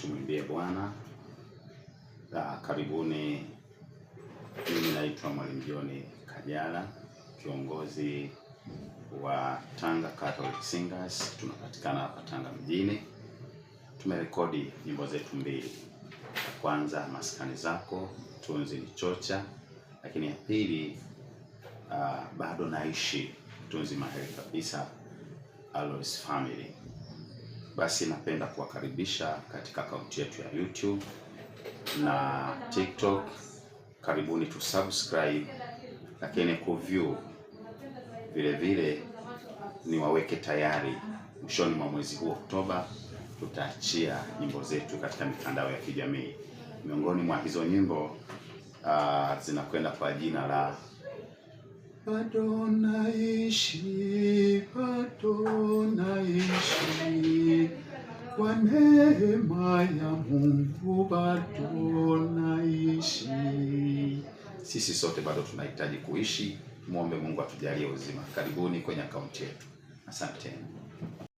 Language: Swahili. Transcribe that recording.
Tumwimbie Bwana. Na karibuni, mimi naitwa Mwalimu John Kajala, kiongozi wa Tanga Catholic Singers. Tunapatikana hapa Tanga mjini. Tumerekodi nyimbo zetu mbili, ya kwanza maskani zako tunzi ni chocha, lakini ya pili uh, bado naishi tunzi mahali kabisa Alois Family. Basi napenda kuwakaribisha katika akaunti yetu ya YouTube na TikTok. Karibuni tu subscribe, lakini ku view vile vile, ni waweke tayari. Mwishoni mwa mwezi huu Oktoba, tutaachia nyimbo zetu katika mitandao ya kijamii. Miongoni mwa hizo nyimbo uh, zinakwenda kwa jina la bado naishi, bado naishi kwa neema ya Mungu bado naishi. Sisi sote bado tunahitaji kuishi. Muombe Mungu atujalie uzima. Karibuni kwenye akaunti yetu. Asanteni.